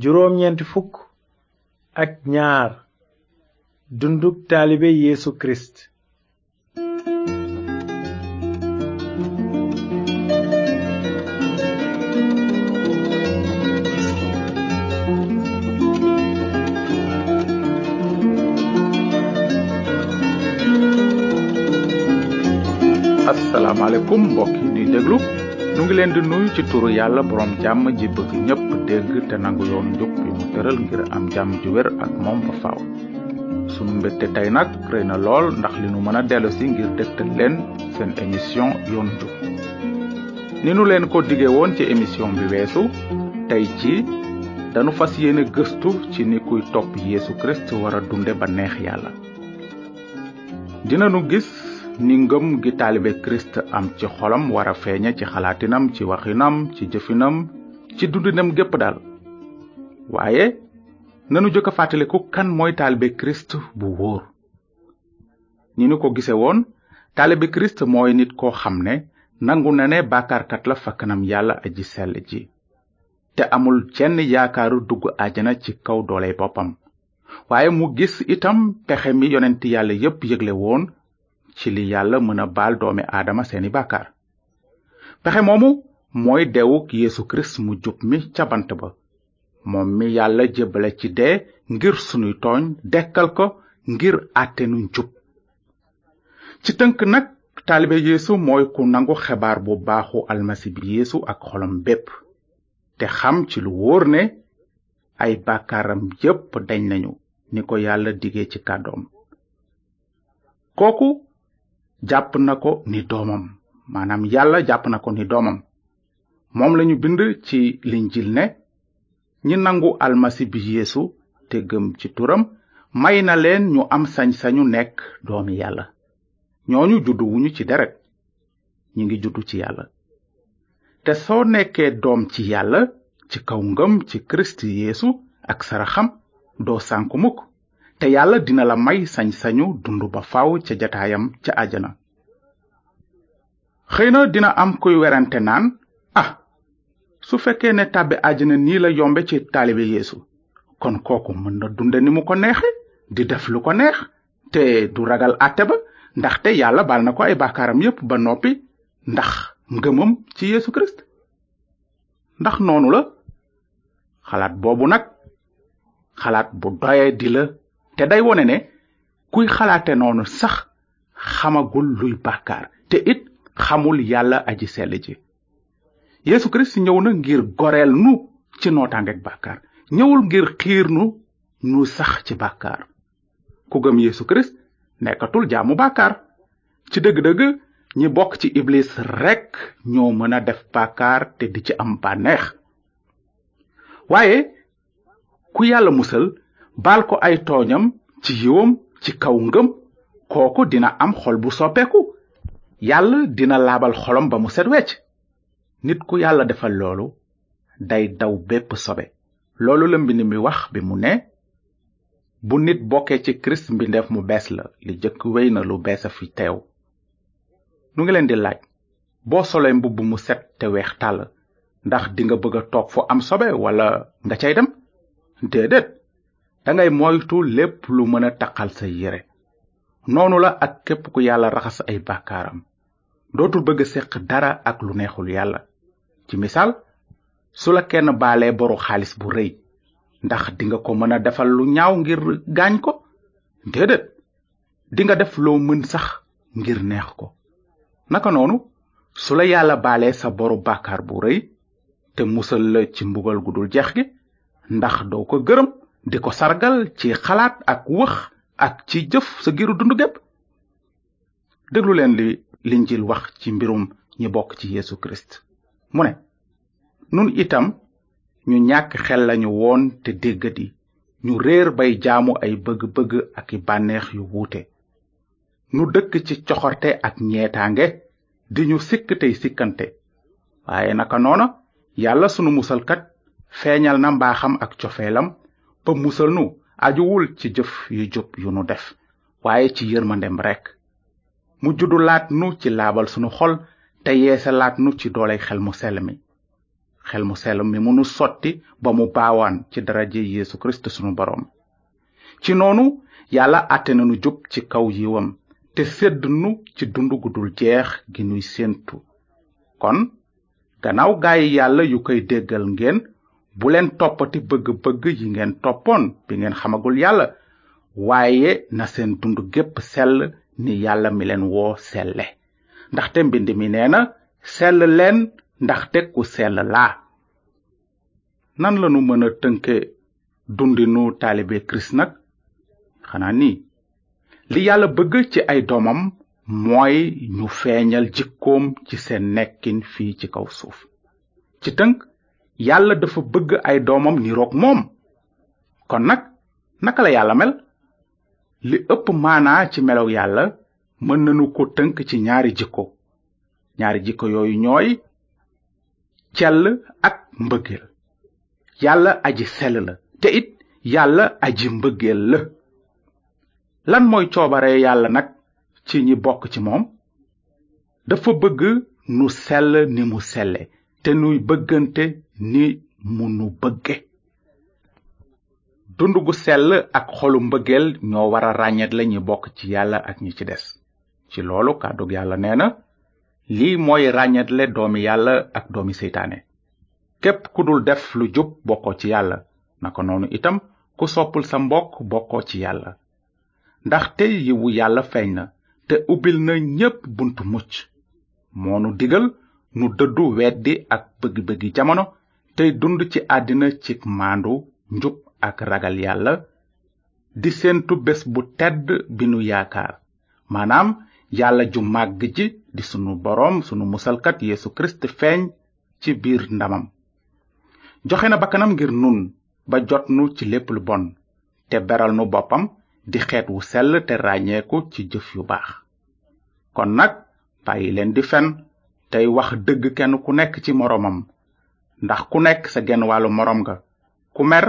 juróom-ñeent fukk ak ñaar dunduk taalibe Yeesu Kirist asalaamaaleykum mbokk yi déglu nu ngi leen di nuyu ci turu yàlla boroom jàmm ji bëgg ñëpp dégg te nangu yoon njub bi mu tëral ngir am jàmm ju wér ak moom fa faaw sunu mbégte tey nag rëy na lool ndax li nu mën a dellu si ngir dégtal leen seen émission yoonu njub ni nu leen ko digee woon ci émission bi weesu tey ci danu fas yéene gëstu ci ni kuy topp Yeesu Kirist war dunde ba neex yàlla dina gis ni ngëm gi taalibe Christ am ci xolam war a feeña ci xalaatinam ci waxinam ci jëfinam ci dundinam gépp daal waaye nanu jëkk a fàttaliku kan mooy taalibe Christ bu wóor ni nu ko gise woon taalibe Christ mooy nit koo xam ne nangu na ne bàkkaarkat la fa yàlla aji sell ji te amul jenn yaakaaru dugg àjjana ci kaw dooley boppam waaye mu gis itam pexe mi yonent yàlla yépp yëgle woon ci li yàlla mëna a baal doomi aadama seeni bàkkaar pexe moomu mooy deewuk yeesu kirist mu jub mi ca bant ba moom mi yàlla jébbale ci dee ngir sunuy tooñ dekkal ko ngir àtte nu jub ci tënk nag taalibe yeesu mooy ku nangu xebaar bu baaxu almasi bi yeesu ak xolam bépp te xam ci lu wóor ne ay bàkkaaram yépp deñ nañu ni ko yàlla dige ci kàddoom jàpp na ko ni doomam maanaam yàlla jàpp na ko ni doomam moom lañu bind ci linjil ne ñi nangu almasi bi yéesu te gëm ci turam may na leen ñu am sañ-sañu nekk doomi yàlla ñooñu judduwuñu ci deret ñi ngi juddu ci yàlla te soo nekkee doom ci yàlla ci kaw ngëm ci kirist yéesu ak saraxam doo sànku mukk te yàlla dina la may sañ-sañu dund ba faaw ca jataayam ca àjjana xëy na dina am kuy werante naan a ah, su fekkee ne tàbbi àjjana nii la yombe ci taalibe yéesu kon kooku mën na dunde ni mu ko neexe di def lu ko neex te du ragal àtte ba ndaxte yàlla baal na ko ay baakaaram yépp ba noppi ndax ngëmam ci yeesu kirist ndax noonu la xalaat boobu nag xalaat bu doye di la te day wone ne kuy xalaate noonu sax xamagul luy bàkkaar te it xamul yàlla aji sell ji Yesu Kirist ñëw na ngir goreel nu ci nootaangeeg bàkkaar ñëwul ngir xiir nu nu sax ci bàkkaar ku gëm Yesu Kirist nekkatul jaamu bàkkaar ci dëgg-dëgg ñi bokk ci iblis rekk ñoo mën a def bàkkaar te di ci am bànneex waaye ku yàlla musal baal ko ay tooñam ci yiwam ci kaw ngëm kooku dina am xol bu soppeeku yàlla dina laabal xolam ba mu set wecc nit ku yàlla defal loolu day daw bépp sobe loolu la mbind mi wax bi mu ne bu nit bokkee ci kirist mbindeef mu bees la li jëkk wéy na lu beesa fi teew nu ngi leen di laaj boo solee mbubb mu set te weex tàll ndax dinga bëgg a toog fu am sobe walla nga cay dem déedéet dangay moytu lépp lu mën a taqal sa yére noonu la ak képp ku yàlla raxas ay bàkkaaram dootul bëgg seq dara ak lu neexul yàlla ci misaal su la kenn baalee boru xaalis bu rëy ndax dinga ko mën a defal lu ñaaw ngir gaañ ko déedéet dinga def loo mën sax ngir neex ko naka noonu su la yàlla baalee sa boru bàkkaar bu rëy te musal la ci mbugal gu dul jeex gi ndax doo ko gërëm di ko sargal ci xalaat ak wax ak ci jëf sa giru dund gépp déglu leen li linjil wax ci mbirum ñi bokk ci Yesu Christ mu ne nun itam ñu ñàkk xel lañu woon te déggati ñu réer bay jaamu ay bëgg-bëgg ak i bànneex yu wuute nu dëkk ci coxorte ak ñeetaange di ñu sikk tey sikkante waaye naka noona yàlla sunu musalkat feeñal na mbaaxam ak cofeelam ba musal nu ajuwul ci jëf yu jub yu nu def waaye ci yërmandem rekk mu juddulaat nu ci laabal sunu xol te yeesalaat nu ci doole xel mu sell mi xel mu sell mi mu nu sotti ba mu baawaan ci daraje yéesu kirist sunu boroom ci noonu yàlla àtte na nu jub ci kaw yiwam te sedd nu ci dund gu jeex gi nuy séentu kon gannaaw gaay yàlla yu koy déggal ngeen bu leen toppati bëgg-bëgg yi ngeen toppoon bi ngeen xamagul yàlla waaye na seen dund gépp sell ni yàlla mi leen woo selle ndaxte mbind mi nee na sell leen ndax ndaxte ku sell laa nan lanu mën a tënke dundinu taalibe kirist nag xanaa ni li yàlla bëgg ci ay doomam mooy ñu feeñal jikkoom ci seen nekkin fii ci kaw suuf ci tënk yàlla dafa bëgg ay doomam niroog moom kon nag naka la yàlla mel li ëpp maanaa ci melow yàlla mën nañu ko tënk ci ñaari jikko ñaari jikko yooyu ñooy cell ak mbëggeel yàlla aji sell la te it yàlla aji mbëggeel la lan mooy coobare yàlla nag ci ñi bokk ci moom dafa bëgg nu sell ni mu selle te nuy bëggante ni mu nu bëgge dund gu sell ak xolu mbëggeel ñoo war a la ñi bokk ci yàlla ak ñi ci des ci loolu kàddug yàlla nee na lii mooy ràññetle doomi yàlla ak doomi seytaane képp ku dul def lu jub bokkoo ci yàlla ko noonu itam ku soppul sa mbokk bokkoo ci yàlla ndaxte yiwu yàlla feeñ na te ubbil na ñépp bunt mucc moonu digal nu dëddu weddi ak bëgg-bëggi jamono tey dund ci àddina cig maandu njub ak ragal yàlla di séentu bés bu tedd bi nu yaakaar maanaam yàlla ju màgg ji di sunu boroom sunu musalkat yeesu kirist feeñ ci biir ndamam joxe na bakkanam ngir nun ba jot nu ci lépp lu bon te beral nu boppam di xeet wu sell te ràññeeku ci jëf yu baax kon nag bàyyi leen di fen tey wax dëgg kenn ku nekk ci moroomam ndax ku nekk sa genn wàllu moroom nga ku mer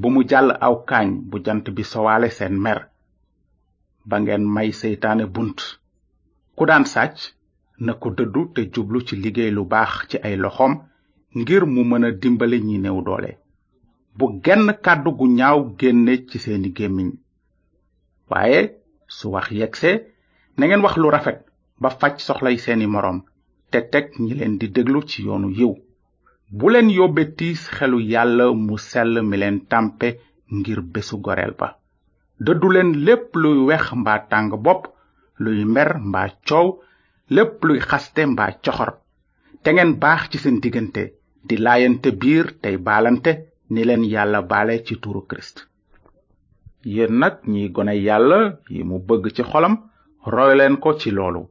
bu mu jàll aw kaañ bu jant bi sowaale seen mer ba ngeen may seytaane bunt ku daan sàcc na ko dëddu te jublu ci liggéey lu baax ci ay loxoom ngir mu mën a dimbali ñi néew doole bu genn kàddu gu ñaaw génne ci seeni gémmiñ waaye su wax yegse na wax lu rafet ba faj soxlay seeni moroom te teg ñi leen di déglu ci yoonu yiw bu leen yóbbe tiis xelu yàlla mu sell mi leen tàmpe ngir bésu goreel ba dëddu leen lépp luy wex mbaa tàng bopp luy mer mbaa coow lépp luy xaste mbaa coxor te ngeen baax ci seen diggante di laayante biir tey baalante ni leen yàlla baale ci tuuru kirist yéen nag ñiy gone yàlla yi mu bëgg ci xolam roy leen ko ci loolu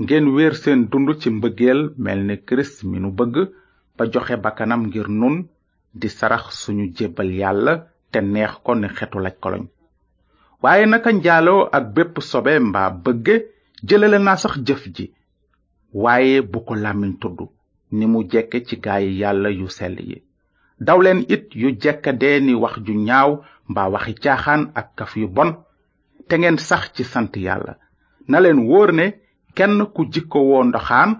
ngeen wéer seen dund ci mbëggeel mel ni kirist mi nu bëgg ba joxe bakkanam ngir nun di sarax suñu jébbal yàlla te neex ko ni xetu laj koloñ waaye naka njaaloo ak bépp sobe mbaa bëgge jëlale naa sax jëf ji waaye bu ko làmmiñ tudd ni mu jekke ci gaayi yàlla yu sell yi dawleen it yu jekkadee ni wax ju ñaaw mba waxi caaxaan ak kaf yu bon te ngeen sax ci sant yàlla na leen wóor ne kenn ku jikko woo ndoxaan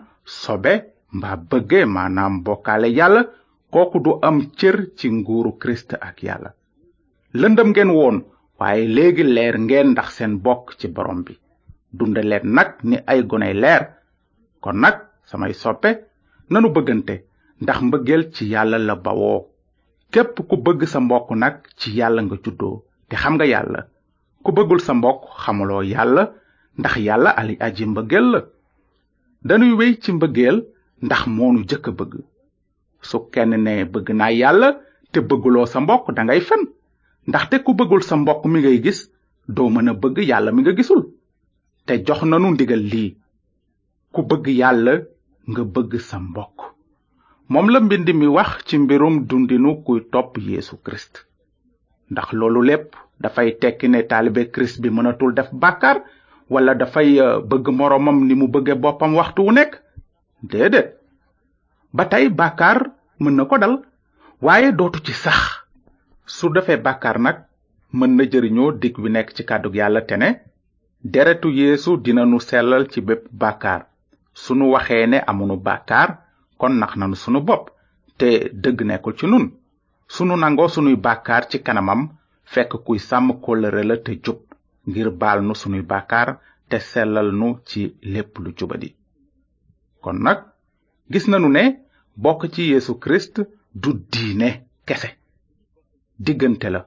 sobe mbaa bëgge maanaam bokkaale yàlla kooku du am cër ci nguuru kirist ak yàlla lëndëm ngeen woon waaye léegi leer ngeen ndax seen bokk ci borom bi dunde leen nag ni ay goney leer kon nag samay soppe nanu bëggante ndax mbëggeel ci yàlla la bawoo képp ku bëgg sa mbokk nag ci yàlla nga juddoo te xam nga yàlla ku bëggul sa mbokk xamuloo yàlla ndax yàlla ali aji mbëggeel la danuy wey ci mbëggeel ndax moonu jëkk bëgg su kenn ne bëgg naa yàlla te bëgguloo sa mbokk dangay fen ndaxte ku bëggul sa mbokk mi ngay gis doo mën a bëgg yàlla mi nga gisul te jox nanu ndigal lii ku bëgg yàlla nga bëgg sa moom la mbind mi wax ci mbirum dundinu kuy topp Yeesu Kirist ndax loolu lépp dafay tekk ne taalibe Kirist bi mënatul def bàkkaar wala dafay euh, bëgg moroomam ni mu bëgge boppam waxtu wu nekk déedéet ba tey bàkkaar mën na ko dal waaye dootu ci sax su defee bàkkaar nag mën na jëriñoo dikk bi nekk ci kàddug yàlla te ne deretu yéesu dina nu sellal ci bépp bàkkaar sunu waxee ne amunu bàkkaar kon nax nanu sunu bopp te dëgg nekkul ci nun sunu nangoo sunuy bàkkaar ci kanamam fekk kuy sàmm kóllëre la te jub ngir baal nu sunuy bàkkaar te sellal nu ci lépp lu di kon nag gis nanu ne bokk ci Yesu Christ du diine kese diggante la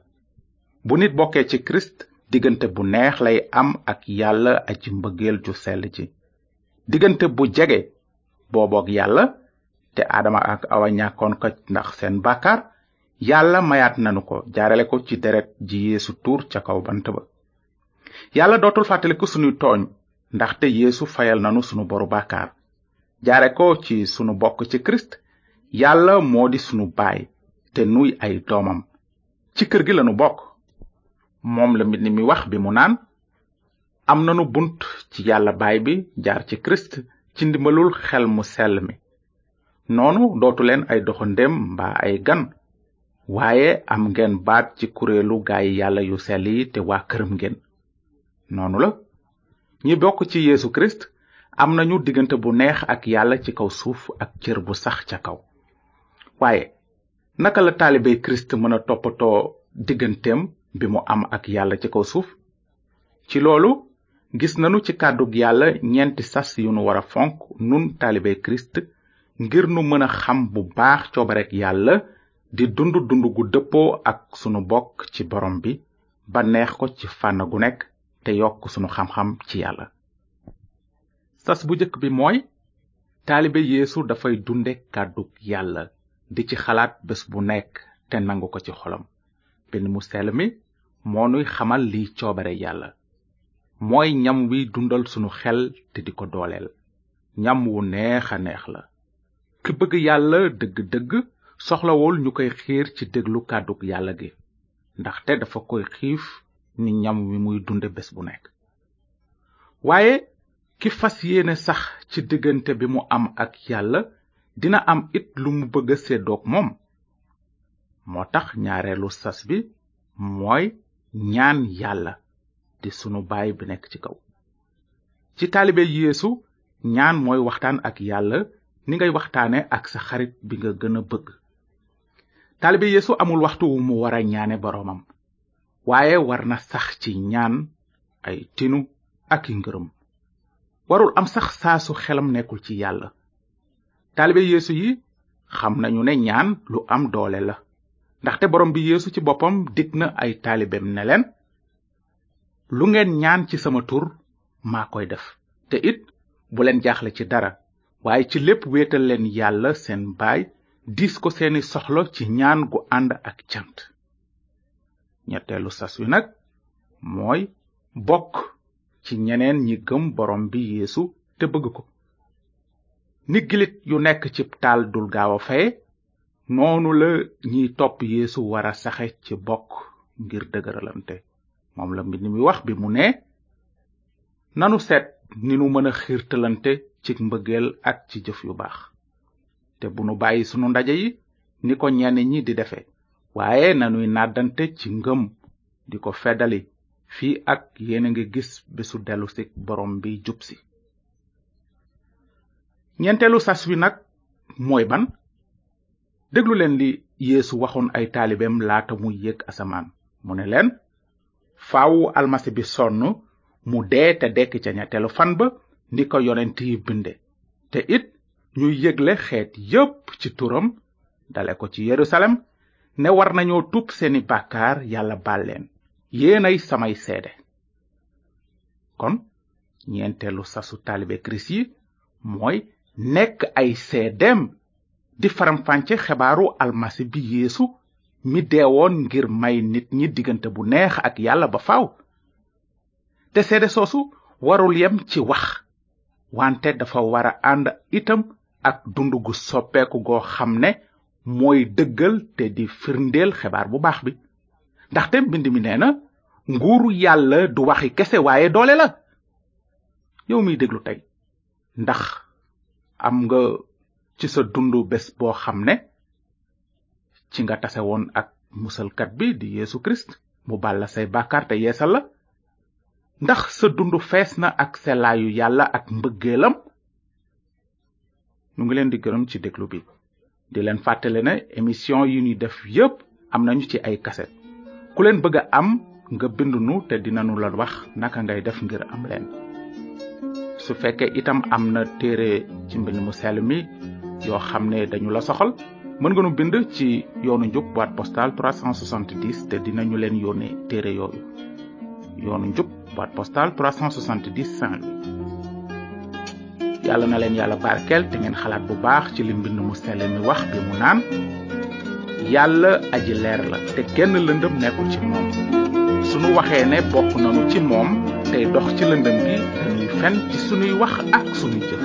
bu nit bokkee ci Christ diggante bu neex lay am ak yàlla aji mbëggeel ju sell ji diggante bu jege boo booboog yàlla te aadama ak Awa ñàkkoon ko ndax seen bàkkaar yàlla mayaat nanu ko jaarale ko ci deret ji yéesu tuur ca kaw bant ba yàlla dootul fàttaliku sunuy tooñ ndaxte yeesu fayal nanu sunu boru bàkkaar jaare ko ci sunu bokk ci krist yàlla moo di sunu baay te nuy ay doomam ci kër gi lanu bokk moom la mbind mi wax bi mu naan am nanu bunt ci yàlla baay bi jaar ci kirist ci ndimbalul xel mu sell mi noonu dootu leen ay doxandéem mbaa ay gan waaye am ngeen baat ci kuréelu gaay yàlla yu sell yi te waa këram ngeen noonu la ñi bokk ci yéesu Christ am na ñu diggante bu neex ak yàlla ci kaw suuf ak cër bu sax ca kaw waaye naka la taalibey Christ mën a toppatoo digganteem bi mu am ak yàlla ci kaw suuf ci loolu gis nanu ci kàddug yàlla ñeenti sas yu nu war fonk nun taalibey Christ ngir nu mën a xam bu baax coobarek yàlla di dund dund gu dëppoo ak sunu bokk ci borom bi ba neex ko ci fànn gu nekk te yokk sunu xam ci yàlla sas bu njëkk bi mooy taalibe yéesu dafay dunde kàddu yàlla di ci xalaat bés bu nekk te nangu ko ci xolam mbind mu seel mi moo nuy xamal liy coobare yàlla mooy ñam wi dundal sunu xel te di ko dooleel ñam wu neex a neex la ki bëgg yàlla dëgg-dëgg soxlawul ñu koy xiir ci déglu kàddu yàlla gi ndaxte dafa koy xiif ñam wi muy dunde bés bu nekk waaye ki fas yéene sax ci diggante bi mu am ak yàlla dina am it lu mu bëgg a moom moo tax ñaareelu sas bi mooy ñaan yàlla di sunu baay bi nekk ci kaw ci taalibe yéesu ñaan mooy waxtaan ak yàlla ni ngay waxtaane ak sa xarit bi nga gën a bëgg taalibe yéesu amul waxtu wu mu wara ñaane boroomam waaye war na sax ci ñaan ay tinu ak i ngërëm warul am sax saasu xelam nekkul ci yàlla taalibe yeesu yi xam nañu ne ñaan lu am doole la ndaxte borom bi yéesu ci boppam dig na ay taalibeem ne leen lu ngeen ñaan ci sama tur maa koy def te it bu leen jaaxle ci dara waaye ci lépp wéetal leen yàlla seen baay diis ko seeni soxla ci ñaan gu ànd ak cant ñetteelu sas wi nag mooy bokk ci ñeneen ñi gëm borom bi yéesu te bëgg ko ni gilit yu nekk ci taal dul gaaw a fey noonu la ñiy topp yeesu wara saxe ci bokk ngir dëgëralante moom la mbind mi wax bi mu ne nanu seet ni nu mën a xiirtalante ci mbëggeel ak ci jëf yu baax te bu nu bàyyi sunu ndaje yi ni ko ñenn ñi di defe waaye nanuy nàddante ci ngëm di ko feddali fii ak yéen a ngi gis bésu dellusi borom bi jub si ñeenteelu sas wi nag mooy ban déglu leen li yéesu waxoon ay taalibeem laata muy yéeg asamaan mu ne leen faawu almasi bi sonn mu dee te dekki ca ñetteelu fan ba ni ko yonent yi binde te it ñuy yëgle xeet yépp ci turam dale ko ci yerusalem ne war nañoo tuub seeni bàkkaar yàlla baal leen yéenay samay seede kon ñeenteelu sasu taalibe kirist yi mooy nekk ay seedeem di faramfàcce xebaaru almasi bi yéesu mi deewoon ngir may nit ñi diggante bu neex ak yàlla ba faw te seede soosu warul yem ci wax wante dafa wara ànd itam ak dund gu soppeeku goo xam ne mooy dëggal te di firndeel xibaar bu baax bi ndaxte bind mi nee na nguuru yàlla du waxi kese waaye doole la yow miy déglu tey ndax am nga ci sa dundu bés boo xam ne ci nga tase woon ak musalkat bi di Yeesu Christ mu baal say bàkkaar te yeesal la ndax sa dundu fees na ak selaayu yàlla ak mbëggeelam ñu ngi leen di gërëm ci déglu bi di leen fàttali ne émission yu ñuy def yépp am nañu ci ay kaset ku leen bëgg a am nga bind nu te dinañu la wax naka ngay def ngir am leen su fekkee itam am na téere ci mbind mu sell mi yoo xam ne dañu la soxal mën nga nu bind ci yoonu njub boîte postale 370 te dinañu leen yónnee téere yooyu yoonu njub boîte postale 370 Saint-Louis yàlla na leen yàlla barkeel te ngeen xalaat bu baax ci limbind mbind mu sell nu wax bi mu naan yàlla aji leer la te genn lëndëm nekkul ci moom sunu waxee ne bokk nanu ci moom tey dox ci lëndëm gi dañuy fen ci sunuy wax ak sunuy jëf